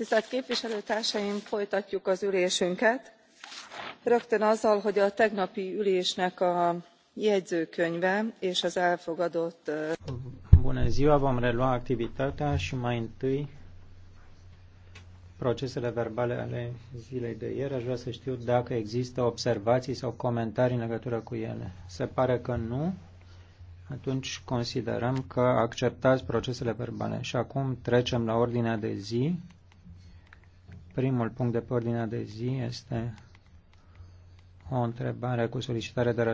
tisztelt képviselőtársaim folytatjuk az ülésünket rögtön azzal hogy a tegnapi ülésnek a jegyzőkönyve és az elfogadott. bună ziua vom relua activitatea și mai întâi procesele verbale ale zilei de ieri. Aș vrea să știu dacă există observații sau comentarii în legătură cu ele. Se pare că nu. Atunci considerăm că acceptați procesele verbale. Și acum trecem la ordinea de zi. Primul punct de pe ordinea de zi este o întrebare cu solicitare de